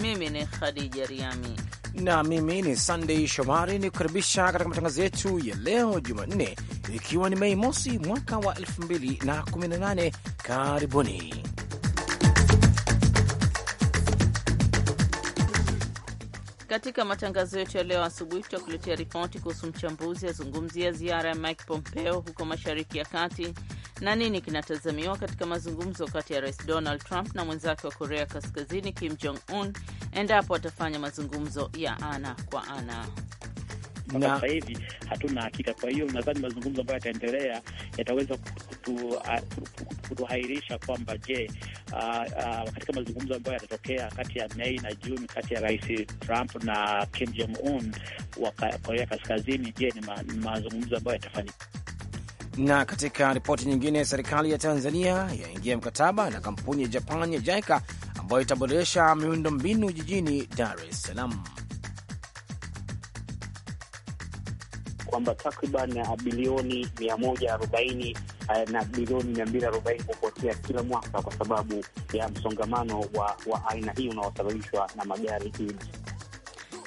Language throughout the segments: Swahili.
mimi ni Khadija Riami na mimi ni sandey Shomari, ni kukaribisha katika matangazo yetu ya leo Jumanne, ikiwa ni Mei mosi mwaka wa 2018. Karibuni katika matangazo yetu ya leo asubuhi. Tutakuletea ripoti kuhusu mchambuzi azungumzia ziara ya Mike Pompeo huko Mashariki ya Kati na nini kinatazamiwa katika mazungumzo kati ya Rais Donald Trump na mwenzake wa Korea Kaskazini Kim Jong Un endapo atafanya mazungumzo ya ana kwa ana. sasa hivi hatuna hakika. Kwa hiyo nadhani mazungumzo ambayo yataendelea yataweza kutuhairisha kwamba je, uh, uh, katika mazungumzo ambayo yatatokea kati ya Mei na Juni kati ya Rais Trump na Kim Jong Un wa Korea Kaskazini, je, ni mazungumzo ambayo yatafanyika na katika ripoti nyingine, serikali ya Tanzania yaingia mkataba na kampuni ya Japan ya JICA ambayo itaboresha miundo mbinu jijini Dar es Salaam, kwamba takriban bilioni mia moja arobaini eh, na bilioni mia mbili arobaini kupotea kila mwaka kwa sababu ya msongamano wa, wa aina hii unaosababishwa na magari hii.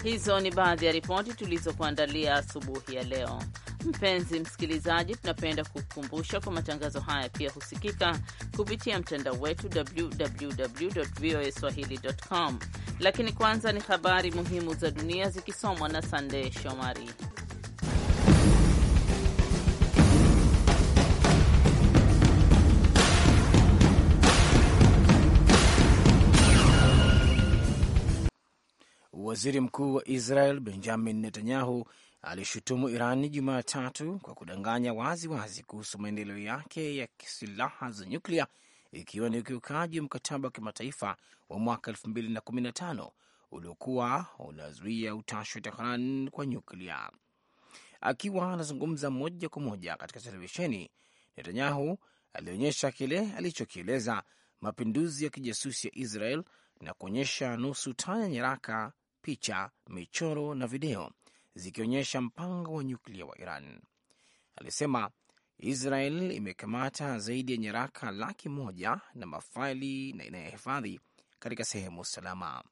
Hizo ni baadhi ya ripoti tulizokuandalia asubuhi ya leo. Mpenzi msikilizaji, tunapenda kukukumbusha kwa matangazo haya pia husikika kupitia mtandao wetu www voa swahili.com. Lakini kwanza ni habari muhimu za dunia zikisomwa na Sandey Shomari. Waziri Mkuu wa Israel Benjamin Netanyahu alishutumu Iran Jumatatu kwa kudanganya wazi wazi kuhusu maendeleo yake ya silaha za nyuklia, ikiwa ni ukiukaji wa mkataba wa kimataifa wa mwaka 2015 uliokuwa unazuia utashi wa Tehran kwa nyuklia. Akiwa anazungumza moja kwa moja katika televisheni, Netanyahu alionyesha kile alichokieleza mapinduzi ya kijasusi ya Israel na kuonyesha nusu tani ya nyaraka, picha, michoro na video zikionyesha mpango wa nyuklia wa Iran. Alisema Israel imekamata zaidi ya nyaraka laki moja na mafaili na inayohifadhi katika sehemu salama.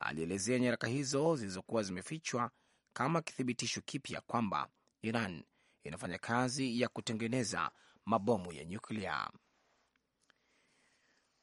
Alielezea nyaraka hizo zilizokuwa zimefichwa kama kithibitisho kipya kwamba Iran inafanya kazi ya kutengeneza mabomu ya nyuklia.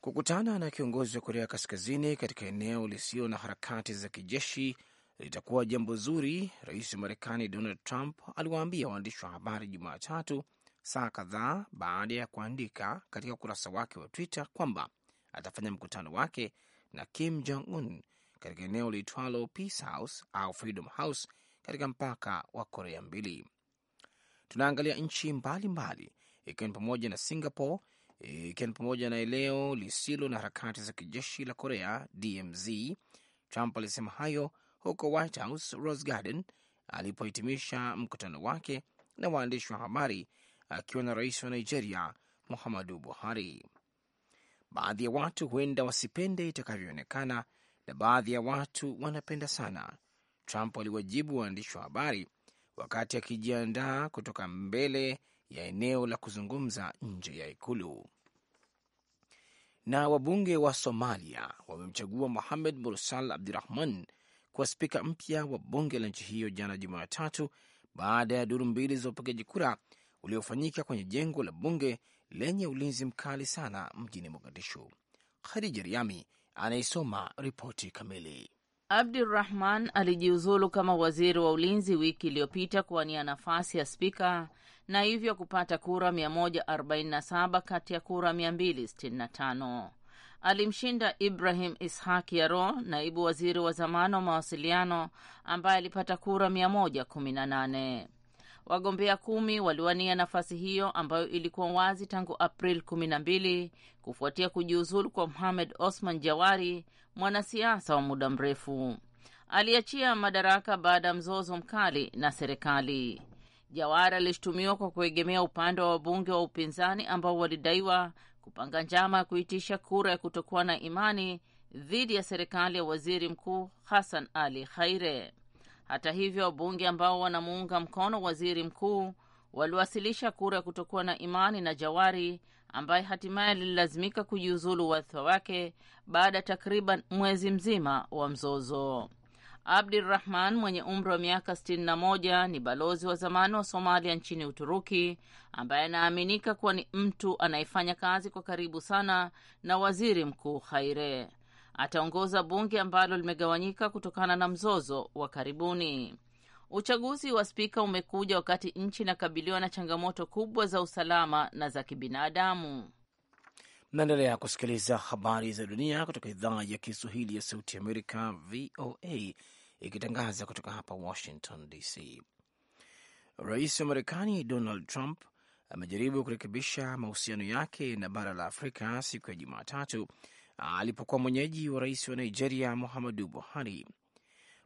Kukutana na kiongozi wa Korea Kaskazini katika eneo lisio na harakati za kijeshi litakuwa jambo zuri, rais wa Marekani Donald Trump aliwaambia waandishi wa habari Jumatatu, saa kadhaa baada ya kuandika katika ukurasa wake wa Twitter kwamba atafanya mkutano wake na Kim Jong Un katika eneo liitwalo Peace House au Freedom House katika mpaka wa Korea mbili. Tunaangalia nchi mbalimbali, ikiwa ni pamoja na Singapore, ikiwa ni pamoja na eneo lisilo na harakati za kijeshi la Korea, DMZ. Trump alisema hayo huko White House Rose Garden alipohitimisha mkutano wake na waandishi wa habari akiwa na rais wa Nigeria Muhammadu Buhari. Baadhi ya watu huenda wasipende itakavyoonekana na baadhi ya watu wanapenda sana, Trump aliwajibu waandishi wa habari wakati akijiandaa kutoka mbele ya eneo la kuzungumza nje ya Ikulu. Na wabunge wa Somalia wamemchagua Mohamed Mursal abdurahman kuwa spika mpya wa bunge la nchi hiyo jana Jumatatu, baada ya duru mbili za upigaji kura uliofanyika kwenye jengo la bunge lenye ulinzi mkali sana mjini Mogadishu. Khadija Riami anaisoma ripoti kamili. abdurrahman alijiuzulu kama waziri wa ulinzi wiki iliyopita kuwania nafasi ya spika na hivyo kupata kura 147 kati ya kura 265 alimshinda Ibrahim Ishaq Yaro, naibu waziri wa zamani wa mawasiliano ambaye alipata kura 118. Wagombea kumi waliwania nafasi hiyo ambayo ilikuwa wazi tangu April 12 kufuatia kujiuzulu kwa muhamed Osman Jawari, mwanasiasa wa muda mrefu aliachia madaraka baada ya mzozo mkali na serikali. jawari alishutumiwa kwa kuegemea upande wa wabunge wa upinzani ambao walidaiwa kupanga njama ya kuitisha kura ya kutokuwa na imani dhidi ya serikali ya waziri mkuu Hassan Ali Khaire. Hata hivyo, wabunge ambao wanamuunga mkono waziri mkuu waliwasilisha kura ya kutokuwa na imani na Jawari ambaye hatimaye alilazimika kujiuzulu wadhifa wake baada ya takriban mwezi mzima wa mzozo. Abdirahman mwenye umri wa miaka 61 ni balozi wa zamani wa Somalia nchini Uturuki ambaye anaaminika kuwa ni mtu anayefanya kazi kwa karibu sana na Waziri Mkuu Haire. Ataongoza bunge ambalo limegawanyika kutokana na mzozo wa karibuni. Uchaguzi wa spika umekuja wakati nchi inakabiliwa na changamoto kubwa za usalama na za kibinadamu. Mnaendelea kusikiliza habari za dunia kutoka idhaa ya Kiswahili ya Sauti Amerika, VOA, ikitangaza kutoka hapa Washington DC. Rais wa Marekani Donald Trump amejaribu kurekebisha mahusiano yake na bara la Afrika siku ya Jumatatu alipokuwa mwenyeji wa rais wa Nigeria Muhammadu Buhari.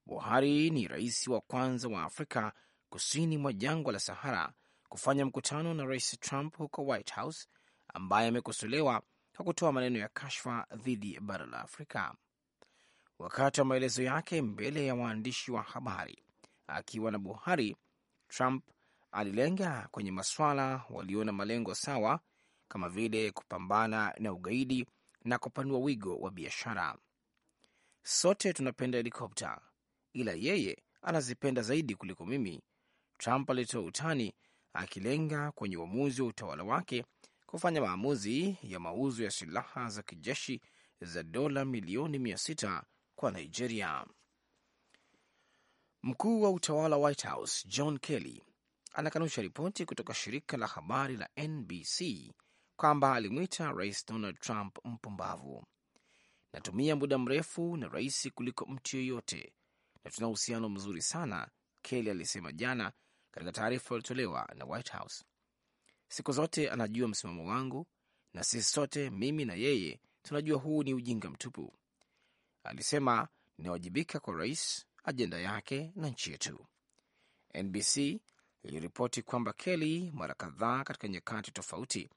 Buhari ni rais wa kwanza wa Afrika kusini mwa jangwa la Sahara kufanya mkutano na rais Trump huko White House, ambaye amekosolewa kwa kutoa maneno ya kashfa dhidi ya bara la Afrika. Wakati wa maelezo yake mbele ya waandishi wa habari akiwa na Buhari, Trump alilenga kwenye maswala walio na malengo sawa kama vile kupambana na ugaidi na kupanua wigo wa biashara. Sote tunapenda helikopta, ila yeye anazipenda zaidi kuliko mimi, Trump alitoa utani, akilenga kwenye uamuzi wa utawala wake kufanya maamuzi ya mauzo ya silaha za kijeshi za dola milioni mia sita kwa Nigeria. Mkuu wa utawala White House John Kelly anakanusha ripoti kutoka shirika la habari la NBC kwamba alimwita Rais Donald Trump mpumbavu. Natumia muda mrefu na rais kuliko mtu yoyote na tuna uhusiano mzuri sana, Kelly alisema jana katika taarifa iliyotolewa na White House. Siku zote anajua msimamo wangu, na sisi sote, mimi na yeye, tunajua huu ni ujinga mtupu alisema inawajibika kwa rais, ajenda yake na nchi yetu. NBC iliripoti kwamba Kelly mara kadhaa katika nyakati tofauti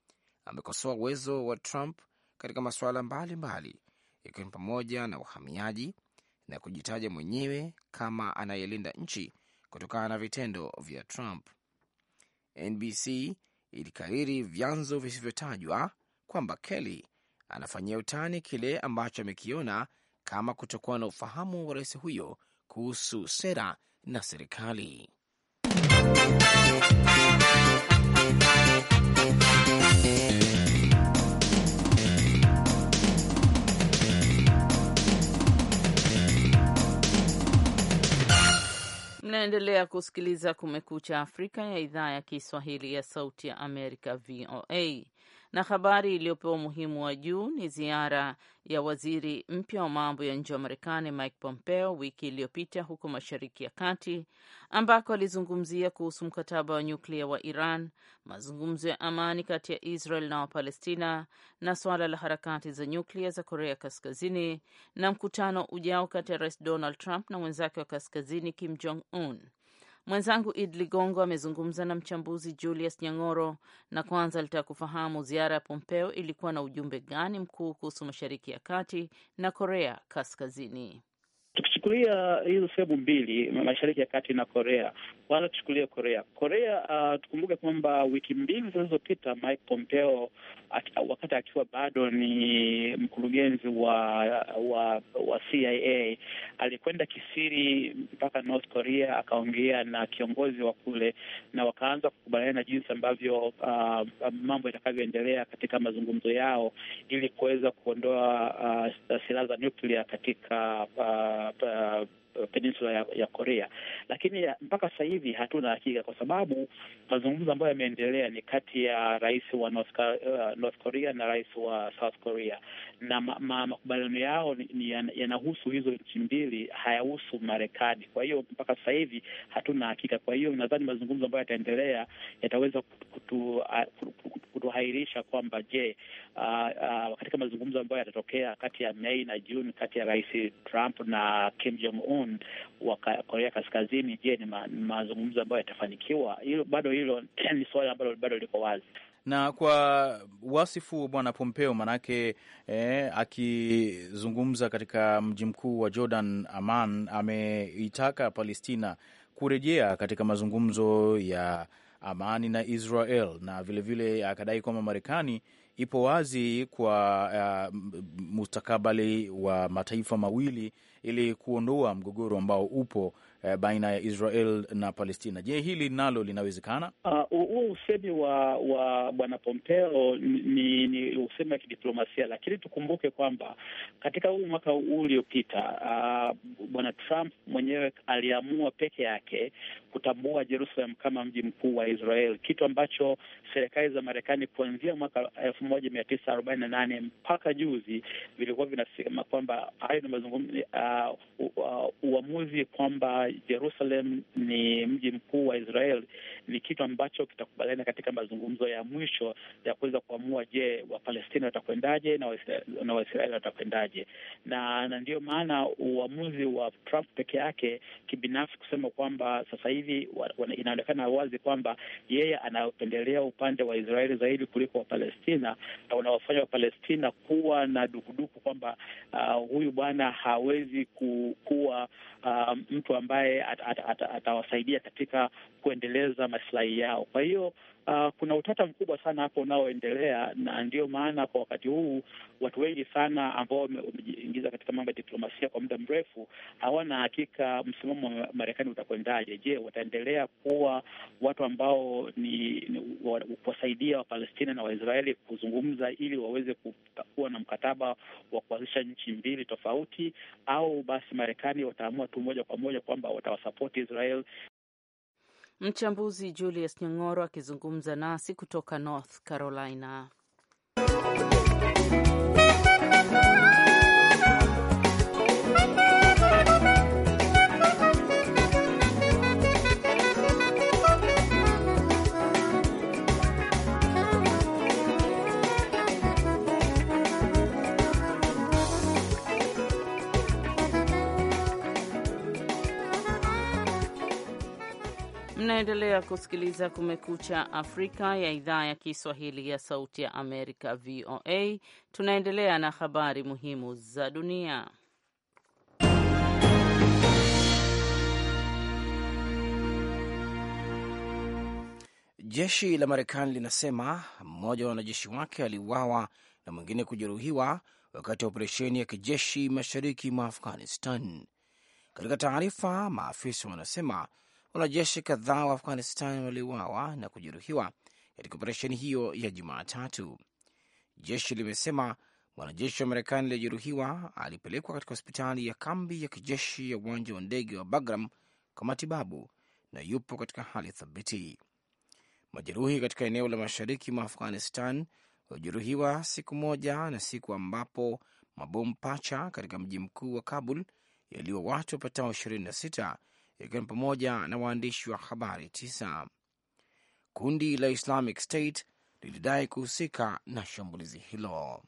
amekosoa uwezo wa Trump katika masuala mbalimbali, ikiwa ni pamoja na uhamiaji na kujitaja mwenyewe kama anayelinda nchi kutokana na vitendo vya Trump. NBC ilikariri vyanzo visivyotajwa kwamba Kelly anafanyia utani kile ambacho amekiona kama kutokuwa na ufahamu wa rais huyo kuhusu sera na serikali. Mnaendelea kusikiliza Kumekucha Afrika ya idhaa ya Kiswahili ya Sauti ya Amerika, VOA na habari iliyopewa umuhimu wa juu ni ziara ya waziri mpya wa mambo ya nje wa Marekani Mike Pompeo wiki iliyopita huko Mashariki ya Kati, ambako alizungumzia kuhusu mkataba wa nyuklia wa Iran, mazungumzo ya amani kati ya Israel na Wapalestina, na suala la harakati za nyuklia za Korea Kaskazini, na mkutano ujao kati ya Rais Donald Trump na mwenzake wa Kaskazini Kim Jong Un Mwenzangu Id Ligongo amezungumza na mchambuzi Julius Nyang'oro na kwanza alitaka kufahamu ziara ya Pompeo ilikuwa na ujumbe gani mkuu kuhusu Mashariki ya Kati na Korea Kaskazini. Tukichukulia hizo sehemu mbili, Mashariki ya Kati na Korea, kwanza tuchukulie Korea. Korea, uh, tukumbuke kwamba wiki mbili zilizopita Mike Pompeo wakati akiwa bado ni mkurugenzi wa wa wa CIA alikwenda kisiri mpaka North Korea, akaongea na kiongozi wa kule na wakaanza kukubaliana na jinsi ambavyo uh, mambo yatakavyoendelea katika mazungumzo yao ili kuweza kuondoa uh, silaha za nuklia katika uh, uh, Eh, peninsula ya, ya Korea, lakini eh, mpaka sasa hivi hatuna hakika, kwa sababu mazungumzo ambayo yameendelea ni kati ya rais wa North, uh, North Korea na rais wa South Korea, na makubaliano ma, yao yanahusu ya yanahusu hizo nchi mbili, hayahusu Marekani. Kwa hiyo mpaka sasa hivi hatuna hakika. Kwa hiyo nadhani mazungumzo ambayo yataendelea yataweza kutu, kutu, kutuhairisha kwamba je, uh, uh, katika mazungumzo ambayo yatatokea kati ya Mei na Juni kati ya rais Trump na Kim Jong Un Moon wa Korea Kaskazini, je, ni ma, mazungumzo ambayo yatafanikiwa? Hilo bado hilo ni suala ambalo bado liko wazi na kwa wasifu Bwana Pompeo manake, eh, akizungumza katika mji mkuu wa Jordan, Amman, ameitaka Palestina kurejea katika mazungumzo ya amani na Israel na vilevile vile akadai kwamba Marekani ipo wazi kwa uh, mustakabali wa mataifa mawili ili kuondoa mgogoro ambao upo eh, baina ya Israel na Palestina. Je, hili nalo linawezekana? Huo ah, uh, usemi wa wa bwana Pompeo ni, ni usemi wa kidiplomasia, lakini tukumbuke kwamba katika huu mwaka uliopita uh, bwana Trump mwenyewe aliamua peke yake kutambua Jerusalem kama mji mkuu wa Israel, kitu ambacho serikali za Marekani kuanzia mwaka elfu moja mia tisa arobaini na nane mpaka juzi vilikuwa vinasema kwamba hayo ni mazungumzo uh, uh, uamuzi kwamba Jerusalem ni mji mkuu wa Israel ni kitu ambacho kitakubaliana katika mazungumzo ya mwisho ya kuweza kuamua, je, Wapalestina watakwendaje na Waisraeli watakwendaje? Na, na ndiyo maana uamuzi wa Trump peke yake kibinafsi kusema kwamba sasa hivi inaonekana wazi kwamba yeye anapendelea upande wa Israeli zaidi kuliko Wapalestina, na unawafanya Wapalestina kuwa na dukuduku kwamba uh, huyu bwana hawezi kuwa uh, mtu ambaye ambaye atawasaidia at, at, at, at katika kuendeleza masilahi yao. Kwa hiyo uh, kuna utata mkubwa sana hapo unaoendelea, na ndiyo maana kwa wakati huu watu wengi sana ambao wamejiingiza katika mambo ya diplomasia kwa muda mrefu hawana hakika msimamo wa Marekani utakwendaje. Je, wataendelea kuwa watu ambao ni, ni kuwasaidia Wapalestina na Waisraeli kuzungumza ili waweze kuwa na mkataba wa kuanzisha nchi mbili tofauti, au basi Marekani wataamua tu moja kwa moja kwamba watawasapoti Israel Mchambuzi Julius Nyong'oro akizungumza nasi kutoka North Carolina. Unaendelea kusikiliza Kumekucha Afrika ya idhaa ya Kiswahili ya Sauti ya Amerika, VOA. Tunaendelea na habari muhimu za dunia. Jeshi la Marekani linasema mmoja wa wanajeshi wake aliuawa na mwingine kujeruhiwa wakati wa operesheni ya kijeshi mashariki mwa Afghanistan. Katika taarifa, maafisa wanasema Wanajeshi kadhaa wa Afghanistan waliuawa na kujeruhiwa katika operesheni hiyo ya Jumatatu. Jeshi limesema mwanajeshi wa Marekani aliyejeruhiwa alipelekwa katika hospitali ya kambi ya kijeshi ya uwanja wa ndege wa Bagram kwa matibabu na yupo katika hali thabiti. Majeruhi katika eneo la mashariki mwa Afghanistan waliojeruhiwa siku moja na siku ambapo mabomu pacha katika mji mkuu wa Kabul yaliyo watu wapatao 26 ikiwa ni pamoja na waandishi wa habari tisa. Kundi la Islamic State lilidai kuhusika na shambulizi hilo.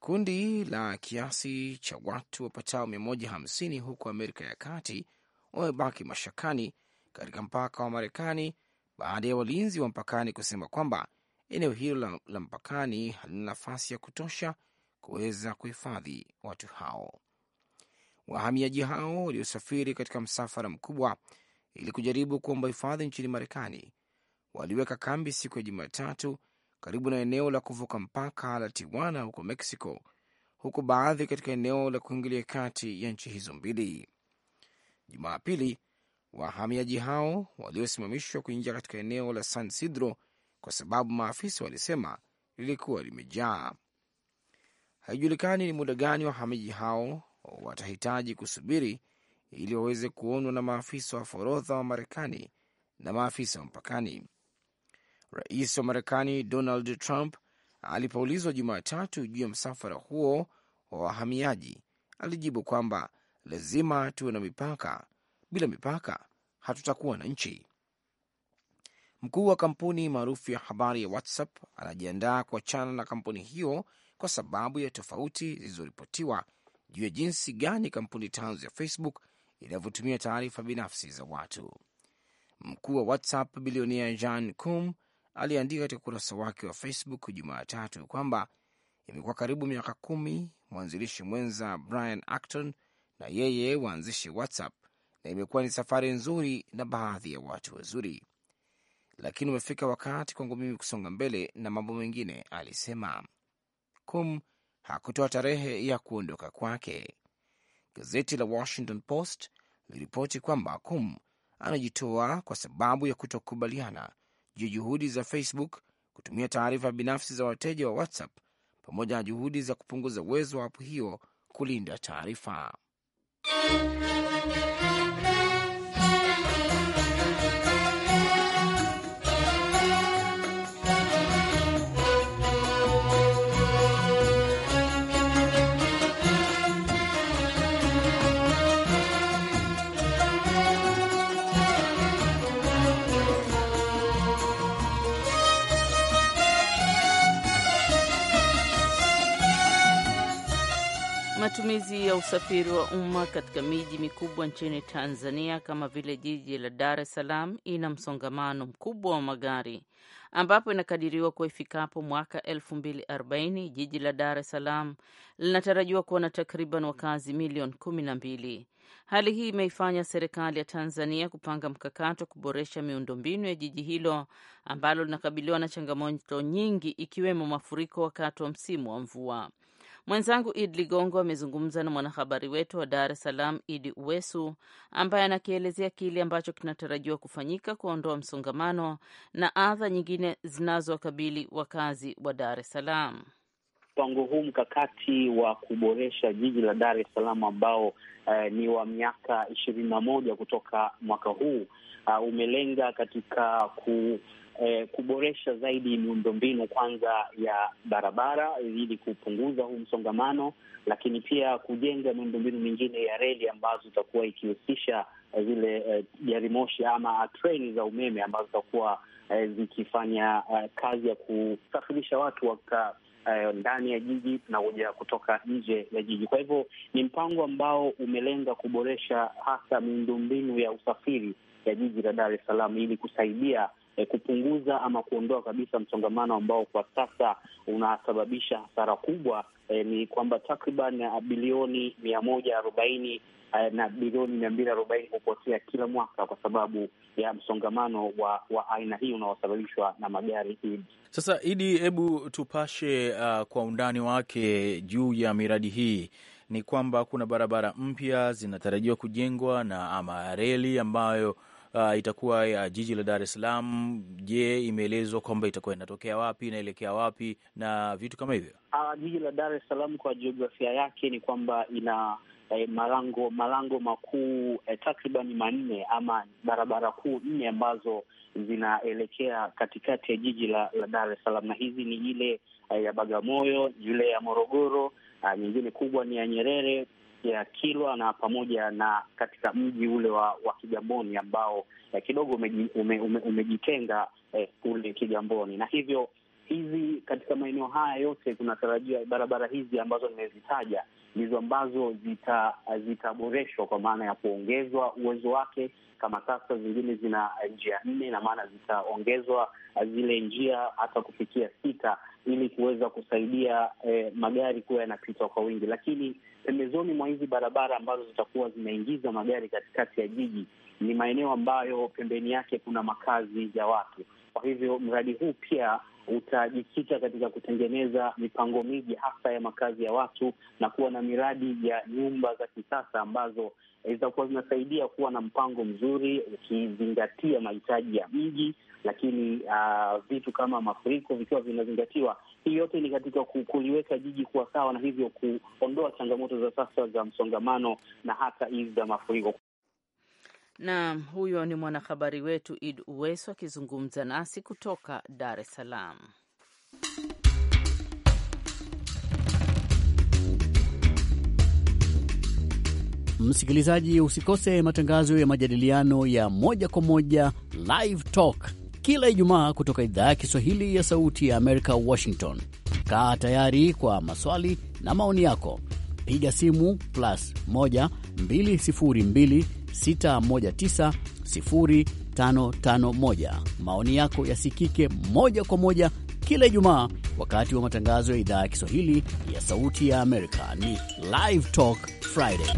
Kundi la kiasi cha watu wapatao 150 huko Amerika ya Kati wamebaki mashakani katika mpaka wa Marekani baada ya walinzi wa mpakani kusema kwamba eneo hilo la, la mpakani halina nafasi ya kutosha kuweza kuhifadhi watu hao. Wahamiaji hao waliosafiri katika msafara mkubwa ili kujaribu kuomba hifadhi nchini Marekani waliweka kambi siku ya Jumatatu karibu na eneo la kuvuka mpaka la Tijuana huko Mexico, huku baadhi katika eneo la kuingilia kati ya nchi hizo mbili. Jumapili, wahamiaji hao waliosimamishwa kuingia katika eneo la San Sidro kwa sababu maafisa walisema lilikuwa limejaa. Haijulikani ni muda gani wahamiaji hao watahitaji kusubiri ili waweze kuonwa na maafisa wa forodha wa Marekani na maafisa wa mpakani. Rais wa Marekani Donald Trump alipoulizwa Jumatatu juu ya msafara huo wa wahamiaji, alijibu kwamba lazima tuwe na mipaka, bila mipaka hatutakuwa na nchi. Mkuu wa kampuni maarufu ya habari ya WhatsApp anajiandaa kuachana na kampuni hiyo kwa sababu ya tofauti zilizoripotiwa juu ya jinsi gani kampuni tanzu ya Facebook inavyotumia taarifa binafsi za watu. Mkuu wa WhatsApp bilionea Jean Koum aliandika katika ukurasa wake wa Facebook Jumatatu kwamba imekuwa karibu miaka kumi mwanzilishi mwenza Brian Acton na yeye waanzishi WhatsApp, na imekuwa ni safari nzuri na baadhi ya watu wazuri, lakini umefika wakati kwangu mimi kusonga mbele na mambo mengine, alisema Kum hakutoa tarehe ya kuondoka kwake. Gazeti la Washington Post liliripoti kwamba Kum anajitoa kwa sababu ya kutokubaliana juu ya juhudi za Facebook kutumia taarifa binafsi za wateja wa WhatsApp pamoja na juhudi za kupunguza uwezo wa apu hiyo kulinda taarifa. Matumizi ya usafiri wa umma katika miji mikubwa nchini Tanzania kama vile jiji la Dar es Salaam ina msongamano mkubwa wa magari ambapo inakadiriwa kuwa ifikapo mwaka 2040 jiji la Dar es Salaam linatarajiwa kuwa na takriban wakazi milioni kumi na mbili. Hali hii imeifanya serikali ya Tanzania kupanga mkakati wa kuboresha miundombinu ya jiji hilo ambalo linakabiliwa na changamoto nyingi ikiwemo mafuriko wakati wa msimu wa mvua. Mwenzangu Id Ligongo amezungumza na mwanahabari wetu wa Dar es Salaam, Idi Uwesu, ambaye anakielezea kile ambacho kinatarajiwa kufanyika kuondoa msongamano na adha nyingine zinazowakabili wakazi wa Dar es Salaam. Mpango huu mkakati wa kuboresha jiji la Dar es Salaam ambao eh, ni wa miaka ishirini na moja kutoka mwaka huu uh, umelenga katika ku eh, kuboresha zaidi miundombinu kwanza ya barabara ili kupunguza huu msongamano, lakini pia kujenga miundombinu mingine ya reli ambazo itakuwa ikihusisha eh, zile eh, moshi ama treni za umeme ambazo zitakuwa eh, zikifanya eh, kazi ya kusafirisha watu waka eh, ndani ya jiji na kuja kutoka nje ya jiji. Kwa hivyo ni mpango ambao umelenga kuboresha hasa miundombinu ya usafiri ya jiji la Dar es Salaam ili kusaidia eh, kupunguza ama kuondoa kabisa msongamano ambao kwa sasa unasababisha hasara kubwa eh, ni kwamba takriban eh, bilioni mia moja arobaini eh, na bilioni mia mbili arobaini hupotea kila mwaka kwa sababu ya msongamano wa, wa aina hii unaosababishwa na magari hii. Sasa Idi, hebu tupashe uh, kwa undani wake juu ya miradi hii. Ni kwamba kuna barabara mpya zinatarajiwa kujengwa na ama reli ambayo uh, itakuwa ya jiji la Dar es Salaam. Je, imeelezwa kwamba itakuwa inatokea wapi, inaelekea wapi na vitu kama hivyo? Uh, jiji la Dar es Salaam kwa jiografia yake ni kwamba ina eh, malango malango makuu eh, takriban manne ama barabara kuu nne ambazo zinaelekea katikati ya jiji la, la Dar es Salaam na hizi ni ile eh, ya Bagamoyo, yule ya Morogoro, ah, nyingine kubwa ni ya Nyerere ya Kilwa na pamoja na katika mji ule wa, wa Kigamboni ambao eh, kidogo ume, ume, ume, umejitenga eh, kule Kigamboni na hivyo hizi katika maeneo haya yote kunatarajia barabara hizi ambazo nimezitaja ndizo ambazo zitaboreshwa zita kwa maana ya kuongezwa uwezo wake. Kama sasa zingine zina njia nne, na maana zitaongezwa zile njia hata kufikia sita ili kuweza kusaidia eh, magari kuwa yanapitwa kwa wingi. Lakini pembezoni mwa hizi barabara ambazo zitakuwa zinaingiza magari katikati ya jiji ni maeneo ambayo pembeni yake kuna makazi ya watu. Kwa hivyo mradi huu pia utajikita katika kutengeneza mipango miji hasa ya makazi ya watu na kuwa na miradi ya nyumba za kisasa ambazo zitakuwa zinasaidia kuwa na mpango mzuri ukizingatia mahitaji ya mji, lakini uh, vitu kama mafuriko vikiwa vinazingatiwa. Hii yote ni katika kuliweka jiji kuwa sawa na hivyo kuondoa changamoto za sasa za msongamano na hata hizi za mafuriko. Naam, huyo ni mwanahabari wetu Id Uweso akizungumza nasi kutoka Dar es Salaam. Msikilizaji, usikose matangazo ya majadiliano ya moja kwa moja Live Talk kila Ijumaa kutoka idhaa ya Kiswahili ya Sauti ya Amerika, Washington. Kaa tayari kwa maswali na maoni yako, piga simu plus 1 202 619 Maoni yako yasikike moja kwa moja kila Ijumaa wakati wa matangazo ya idhaa ya Kiswahili ya Sauti ya Amerika. Ni Live Talk Friday.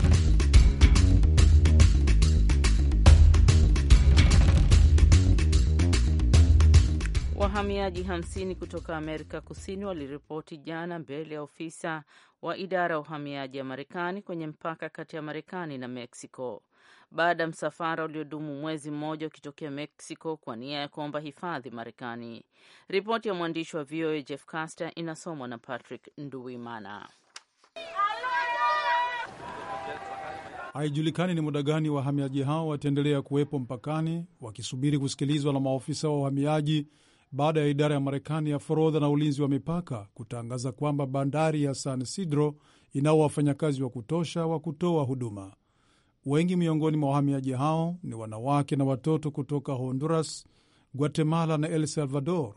Wahamiaji 50 kutoka Amerika Kusini waliripoti jana mbele ya ofisa wa idara ya uhamiaji ya Marekani kwenye mpaka kati ya Marekani na Meksiko baada ya msafara uliodumu mwezi mmoja ukitokea Mexico kwa nia ya kuomba hifadhi Marekani. Ripoti ya mwandishi wa VOA Jeff Caster inasomwa na Patrick Nduwimana. Haijulikani ni muda gani wahamiaji hao wataendelea kuwepo mpakani wakisubiri kusikilizwa na maofisa wa uhamiaji baada ya idara ya Marekani ya forodha na ulinzi wa mipaka kutangaza kwamba bandari ya San Sidro inao wafanyakazi wa kutosha wa kutoa huduma. Wengi miongoni mwa wahamiaji hao ni wanawake na watoto kutoka Honduras, Guatemala na el Salvador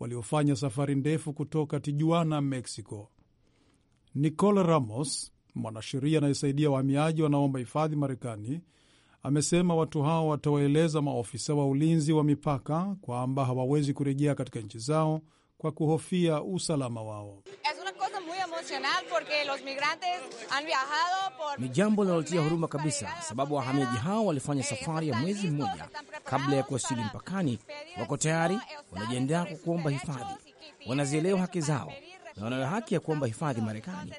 waliofanya safari ndefu kutoka Tijuana, Mexico. Nicole Ramos, mwanasheria anayesaidia wahamiaji wanaomba hifadhi Marekani, amesema watu hao watawaeleza maofisa wa ulinzi wa mipaka kwamba hawawezi kurejea katika nchi zao kwa kuhofia usalama wao internacional porque los migrantes han viajado por... Ni jambo linalotia huruma kabisa, sababu wahamiaji hao walifanya safari ya mwezi mmoja kabla ya kuwasili mpakani. Wako tayari, wanajiandaa kwa kuomba hifadhi, wanazielewa haki zao na wanayo haki ya kuomba hifadhi Marekani.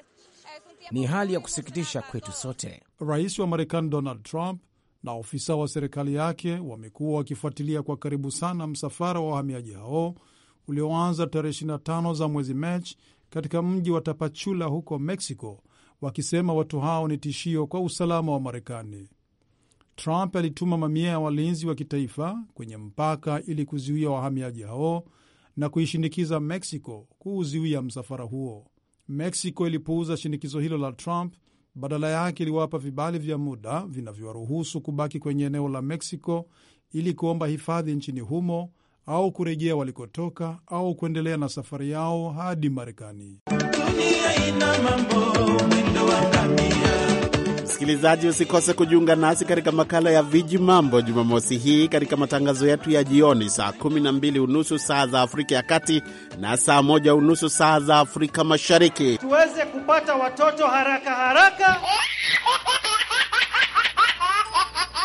Ni hali ya kusikitisha kwetu sote. Rais wa Marekani Donald Trump na ofisa wa serikali yake wamekuwa wakifuatilia kwa karibu sana msafara wa wahamiaji hao ulioanza tarehe 25 za mwezi Machi katika mji wa Tapachula huko Mexico, wakisema watu hao ni tishio kwa usalama wa Marekani. Trump alituma mamia ya walinzi wa kitaifa kwenye mpaka ili kuzuia wahamiaji hao na kuishinikiza Mexico kuuzuia msafara huo. Mexico ilipuuza shinikizo hilo la Trump. Badala yake iliwapa vibali vya muda vinavyowaruhusu kubaki kwenye eneo la Mexico ili kuomba hifadhi nchini humo au kurejea walikotoka au kuendelea na safari yao hadi Marekani. Msikilizaji, usikose kujiunga nasi katika makala ya Viji Mambo Jumamosi hii katika matangazo yetu ya jioni saa 12 unusu saa za Afrika ya Kati na saa moja unusu saa za Afrika Mashariki, tuweze kupata watoto haraka haraka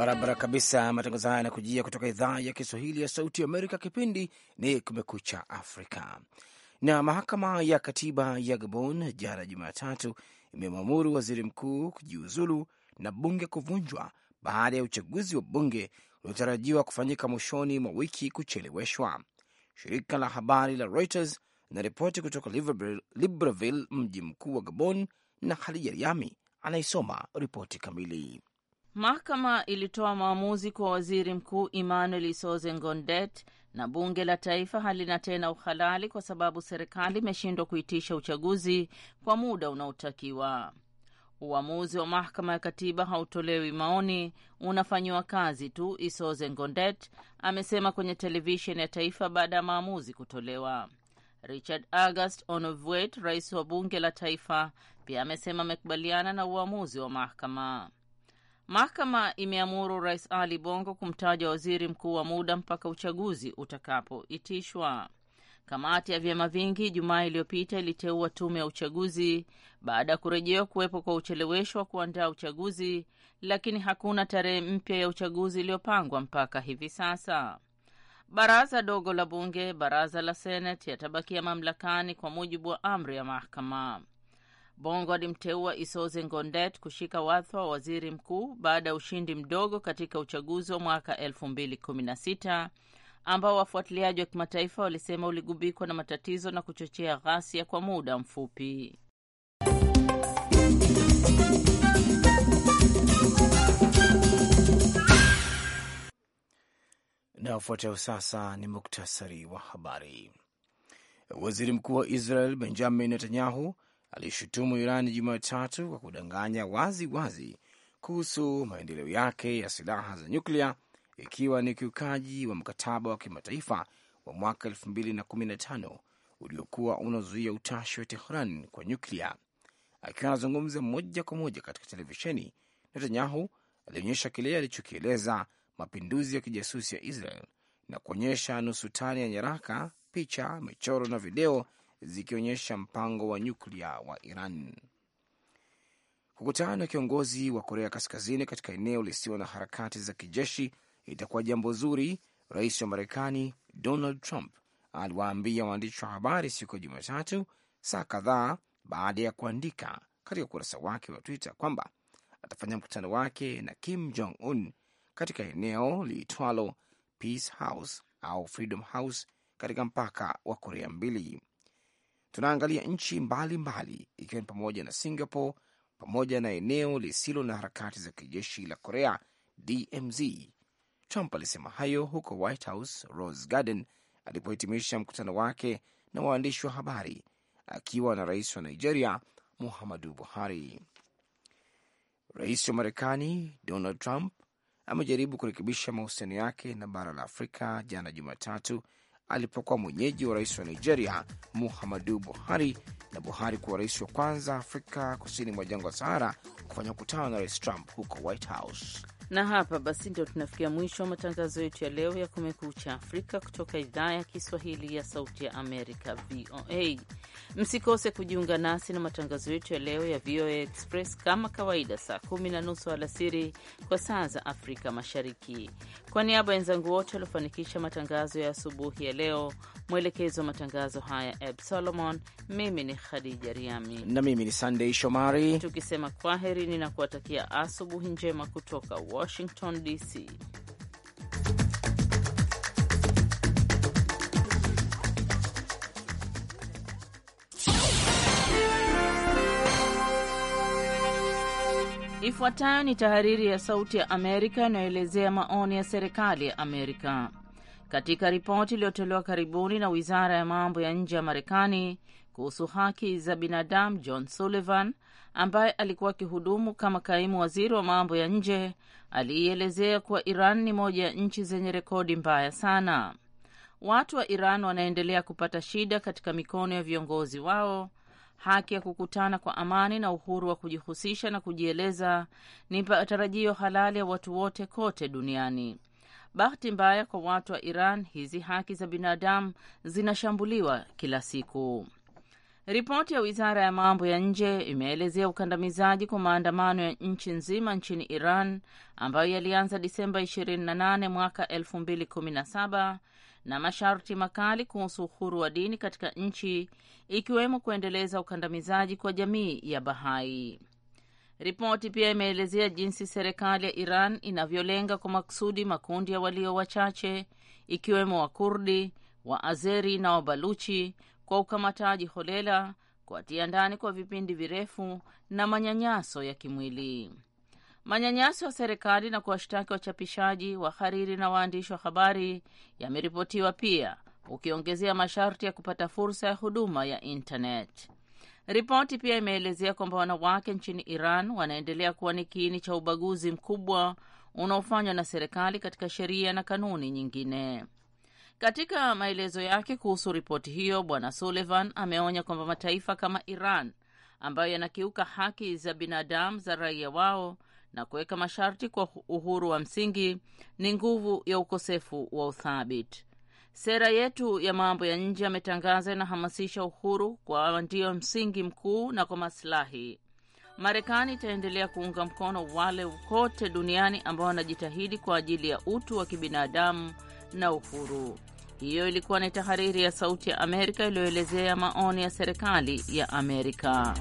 barabara kabisa. Matangazo haya yanakujia kutoka idhaa ya Kiswahili ya Sauti Amerika. Kipindi ni Kumekucha Afrika. Na mahakama ya katiba ya Gabon jana Jumatatu imemwamuru waziri mkuu kujiuzulu na bunge kuvunjwa baada ya uchaguzi wa bunge uliotarajiwa kufanyika mwishoni mwa wiki kucheleweshwa. Shirika la habari la Reuters linaripoti kutoka Libreville, mji mkuu wa Gabon, na Hadija Riami anaisoma ripoti kamili. Mahakama ilitoa maamuzi kwa waziri mkuu Emmanuel Isoze Ngondet na bunge la taifa halina tena uhalali kwa sababu serikali imeshindwa kuitisha uchaguzi kwa muda unaotakiwa. Uamuzi wa mahakama ya katiba hautolewi maoni, unafanyiwa kazi tu, Isoze Ngondet amesema kwenye televisheni ya taifa baada ya maamuzi kutolewa. Richard August Onowet, rais wa bunge la taifa, pia amesema amekubaliana na uamuzi wa mahakama. Mahakama imeamuru Rais Ali Bongo kumtaja waziri mkuu wa muda mpaka uchaguzi utakapoitishwa. Kamati ya vyama vingi jumaa iliyopita iliteua tume ya uchaguzi baada ya kurejewa kuwepo kwa uchelewesho wa kuandaa uchaguzi, lakini hakuna tarehe mpya ya uchaguzi iliyopangwa mpaka hivi sasa. Baraza dogo la bunge, baraza la seneti yatabakia mamlakani kwa mujibu wa amri ya mahakama. Bongo alimteua Isoze Ngondet kushika wadhifa wa waziri mkuu baada ya ushindi mdogo katika uchaguzi wa mwaka 2016 ambao wafuatiliaji wa kimataifa walisema uligubikwa na matatizo na kuchochea ghasia kwa muda mfupi. Na ufuatao sasa ni muktasari wa habari. Waziri mkuu wa Israel Benjamin Netanyahu alishutumu Iran Jumatatu kwa kudanganya wazi wazi kuhusu maendeleo yake ya silaha za nyuklia, ikiwa ni ukiukaji wa mkataba wa kimataifa wa mwaka 2015 uliokuwa unazuia utashi wa Tehran kwa nyuklia. Akiwa anazungumza moja kwa moja katika televisheni, Netanyahu alionyesha kile alichokieleza mapinduzi ya kijasusi ya Israel na kuonyesha nusu tani ya nyaraka, picha, michoro na video zikionyesha mpango wa nyuklia wa Iran. Kukutana na kiongozi wa Korea Kaskazini katika eneo lisiyo na harakati za kijeshi itakuwa jambo zuri, rais wa Marekani Donald Trump aliwaambia waandishi wa habari siku ya Jumatatu, saa kadhaa baada ya kuandika katika ukurasa wake wa Twitter kwamba atafanya mkutano wake na Kim Jong Un katika eneo liitwalo Peace House au Freedom House katika mpaka wa Korea mbili. Tunaangalia nchi mbalimbali, ikiwa ni pamoja na Singapore pamoja na eneo lisilo na harakati za kijeshi la Korea DMZ. Trump alisema hayo huko White House Rose Garden alipohitimisha mkutano wake na waandishi wa habari akiwa na rais wa Nigeria Muhammadu Buhari. Rais wa Marekani Donald Trump amejaribu kurekebisha mahusiano yake na bara la Afrika jana Jumatatu alipokuwa mwenyeji wa rais wa Nigeria Muhammadu Buhari, na Buhari kuwa rais wa kwanza Afrika kusini mwa jangwa la Sahara kufanya mkutano na rais Trump huko White House. Na hapa basi ndio tunafikia mwisho wa matangazo yetu ya leo ya Kumekucha Afrika kutoka idhaa ya Kiswahili ya Sauti ya Amerika, VOA. Msikose kujiunga nasi na matangazo yetu ya leo ya VOA Express kama kawaida, saa kumi na nusu alasiri kwa saa za Afrika Mashariki. Kwa niaba ya wenzangu wote waliofanikisha matangazo ya asubuhi ya leo, mwelekezo wa matangazo haya Eb Solomon, mimi ni Khadija Riami na mimi ni Sandei Shomari, tukisema na kuwatakia asubuhi njema kutoka Washington DC. Ifuatayo ni tahariri ya Sauti ya Amerika inayoelezea maoni ya serikali ya Amerika. Katika ripoti iliyotolewa karibuni na wizara ya mambo ya nje ya Marekani kuhusu haki za binadamu, John Sullivan ambaye alikuwa akihudumu kama kaimu waziri wa mambo ya nje aliielezea kuwa Iran ni moja ya nchi zenye rekodi mbaya sana. Watu wa Iran wanaendelea kupata shida katika mikono ya viongozi wao. Haki ya kukutana kwa amani na uhuru wa kujihusisha na kujieleza ni matarajio halali ya watu wote kote duniani. Bahati mbaya kwa watu wa Iran, hizi haki za binadamu zinashambuliwa kila siku. Ripoti ya wizara ya mambo ya nje imeelezea ukandamizaji kwa maandamano ya nchi nzima nchini Iran ambayo yalianza Disemba 28 mwaka 2017 na masharti makali kuhusu uhuru wa dini katika nchi ikiwemo kuendeleza ukandamizaji kwa jamii ya Bahai. Ripoti pia imeelezea jinsi serikali ya Iran inavyolenga kwa makusudi makundi ya walio wachache ikiwemo Wakurdi, Waazeri na Wabaluchi kwa ukamataji holela, kuwatia ndani kwa vipindi virefu na manyanyaso ya kimwili. Manyanyaso ya serikali na kuwashtaki wachapishaji, wahariri na waandishi wa habari yameripotiwa pia, ukiongezea masharti ya kupata fursa ya huduma ya intanet. Ripoti pia imeelezea kwamba wanawake nchini Iran wanaendelea kuwa ni kiini cha ubaguzi mkubwa unaofanywa na serikali katika sheria na kanuni nyingine. Katika maelezo yake kuhusu ripoti hiyo, Bwana Sullivan ameonya kwamba mataifa kama Iran ambayo yanakiuka haki za binadamu za raia wao na kuweka masharti kwa uhuru wa msingi ni nguvu ya ukosefu wa uthabiti. Sera yetu ya mambo ya nje ametangaza inahamasisha uhuru kwa ndio msingi mkuu na kwa masilahi. Marekani itaendelea kuunga mkono wale kote duniani ambao wanajitahidi kwa ajili ya utu wa kibinadamu na uhuru. Hiyo ilikuwa ni tahariri ya Sauti ya Amerika iliyoelezea maoni ya serikali ya Amerika.